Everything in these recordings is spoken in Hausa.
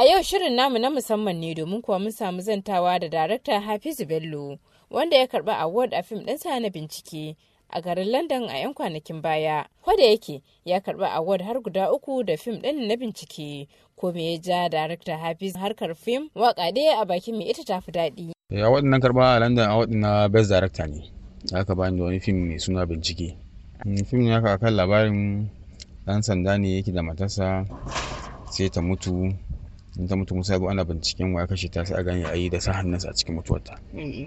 A yau shirin namu na musamman ne domin kuwa mun samu zantawa da darakta Hafizu Bello wanda ya karba award a fim ɗinsa na bincike a garin London a 'yan kwanakin baya. Kwada yake ya karba award har guda uku da fim ɗin na bincike ko me ya ja darakta Hafiz harkar fim waka ɗaya a bakin mai ita tafi daɗi. Ya waɗannan karba a London a waɗannan best director ne. Aka bani da wani fim mai suna bincike. Mm, fim ya kan labarin ɗan sanda ne yake da matarsa sai ta mutu in ta mutu musa ana binciken wa kashe ta sai a gane ayi da sa hannunsa a cikin mutuwarta mm-hmm.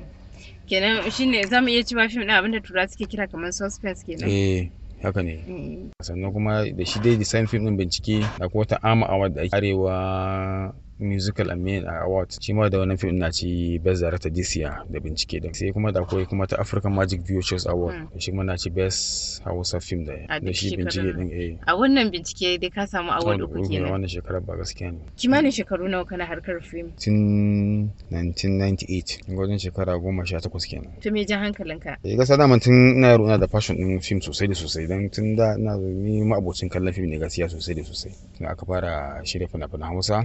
kenan shine za mu iya cewa fim din abinda tura suke kira kamar suspense kenan eh haka ne mm-hmm. sannan kuma da shi dai design fim ɗin bincike akwai wata ama award da arewa musical amin award shi ma da wannan fim na ci best director this year da bincike din sai kuma da akwai kuma ta african magic video shows award hmm. shi ma na ci best hausa film da da shi bincike din eh a wannan bincike dai ka samu award uku kenan wannan shekara ba gaskiya ne kimanin shekaru nawa kana harkar film tun 1998 gwajin shekara goma sha takwas kenan to me jan hankalinka eh gaskiya da tun ina yaro ina da fashion din film sosai da sosai dan tun da ina ni abocin kallon film ne gaskiya sosai da sosai aka fara shirya fina-finan hausa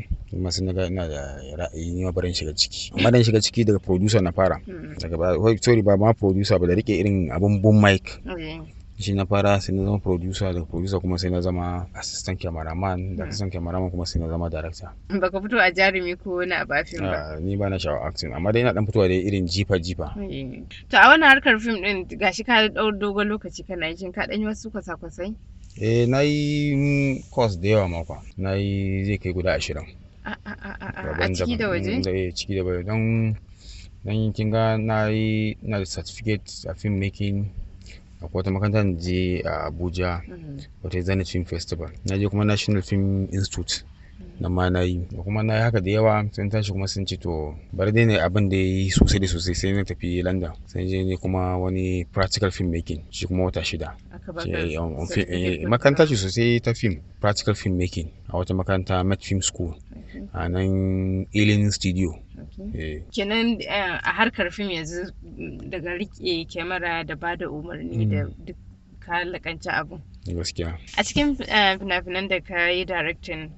sai na ga ina da ra'ayi ni ma barin shiga ciki dan shiga ciki daga producer na fara mm. daga ba sorry ba ma producer ba da rike irin abun bun mic shi na fara sai na zama producer daga producer kuma sai na zama assistant cameraman da mm. assistant cameraman kuma sai na zama director baka fito a jarumi ko wani a bafin ba ah, ni ba na sha'awar acting amma dai ina dan fitowa dai irin jifa jifa to a wannan harkar fim din gashi ka daur dogon lokaci kana yin ka dan yi wasu kwasa-kwasai eh na yi course da yawa makwa na yi zai kai guda ashirin a ciki da waje ciki da waje don na yi na certificate a fim making akwai wata je a abuja wata zana film festival na je kuma national film institute na ma yi kuma na yi haka da yawa sun tashi kuma sun to bari dai ne abin da ya sosai da sosai sai na tafi london sai je kuma wani practical film making kuma makaranta sosai ta film practical film making a wata makaranta met film school a nan ilin studio eh. kenan eh, a harkar fim yanzu daga rike kyamara da ba da umarni hmm. da duk kalakanci abu abun gaskiya a cikin eh, fina-finan da ka yi directing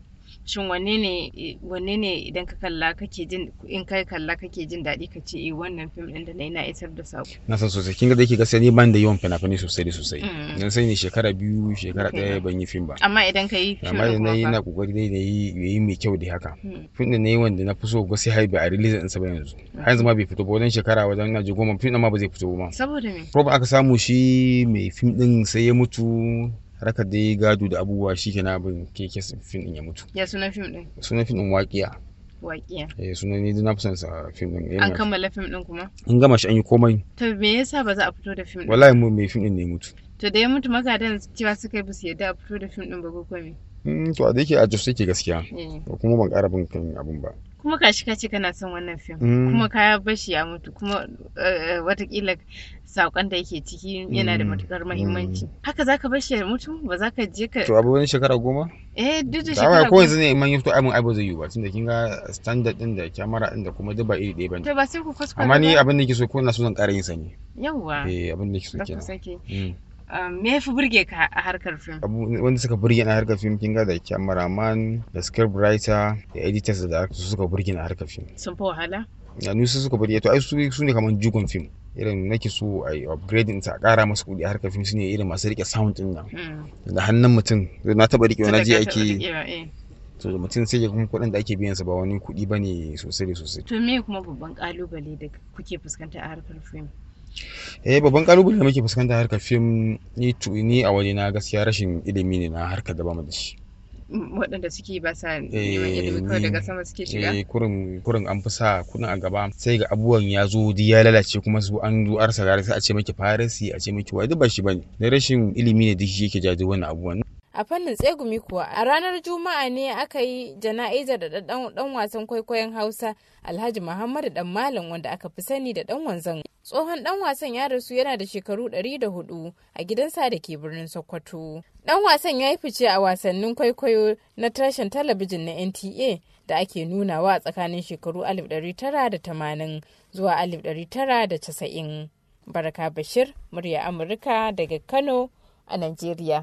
shin wanne ne wanne ne idan ka kalla kake jin in kai kalla kake jin daɗi ka ce eh wannan film din da nayi na isar da sako na san sosai kin ga dake gaskiya ni ban da yawan fina-finai sosai da sosai dan sai ne shekara biyu shekara ɗaya ban yi film ba amma idan ka yi amma idan nayi na kokari dai nayi yayi mai kyau da haka hmm. film din nayi wanda na fi so ga sai ba a release din sa ba yanzu har yanzu ma bai fito ba wajen shekara wajen na ji goma film din ma ba zai fito ba saboda me Kuma ba aka samu shi mai film din sai ya mutu raka dai gado da abubuwa shi ke abin keke fim din ya mutu ya sunan fim din sunan fim din waƙiya waƙiya Ya eh, sunan ni na fusan fim din an kammala fim din kuma an gama shi an yi komai to me yasa ba za a fito da fim din wallahi mu me fim din ne mutu to da ya mutu magadan cewa suka yi bisu yadda a fito da fim din ba ko me mm, to a da yake a jos yake gaskiya eh. kuma ban ƙara bin kan abin ba kuma ka shi kace kana son wannan fim mm. kuma ka bashi ya mutu kuma eh, eh, watakila sakon da yake ciki yana da mm. matukar mahimmanci mm. haka zaka bashi ya mutu ba za ka je ka to abu wani shekara goma eh duk da shekara goma ko yanzu ne man yafto to ai abu zai yi ba tunda kin ga standard din da kyamara din da kuma duba iri ɗaya bane to ba sai ku kuskure amma ni abin da ke so ko na so zan ƙara yin sani yawa eh abin da ke so kenan Um, me ya fi burge ka a harkar fim wanda suka burge na harkar fim kin ga da cameraman da script writer da editors da su suka burge na harkar fim sun fi wahala ya nusu suka burge to ai su ne kamar jugon fim irin nake so a yi upgrading ta kara masa kudi harkar fim ne irin masu rike sound din nan hmm. da hannun mutum na taba rike wani je ake eh. to mutum sai ya kuma kudin da ake biyan sa ba wani kuɗi bane sosai da sosai to me kuma babban kalubale da kuke fuskanta a harkar fim eh babban kalubale da muke fuskanta harkar fim ni ni a waje na gaskiya rashin ilimi ne na harkar da bamu da shi waɗanda suke ba sa neman eh, ilimi kawai daga sama suke shiga eh kurin kurin an fi sa kuna a gaba sai ga abubuwan ya zo di ya lalace kuma su an zo arsa gari sai a ce miki farisi a ce miki wai duk ba shi bane rashin ilimi ne duk yake jaje wannan abubuwan a fannin tsegumi kuwa a ranar juma'a ne aka yi jana'izar da ɗan wasan kwaikwayon hausa alhaji muhammadu dan malam wanda aka fi sani da ɗan wanzan tsohon dan wasan ya rasu yana da shekaru 104 a gidansa da ke birnin sokoto dan wasan ya yi fice a wasannin kwaikwayo na tashin talabijin na nta da ake nunawa a tsakanin shekaru 1980 zuwa 1990 baraka bashir murya amurka daga kano a najeriya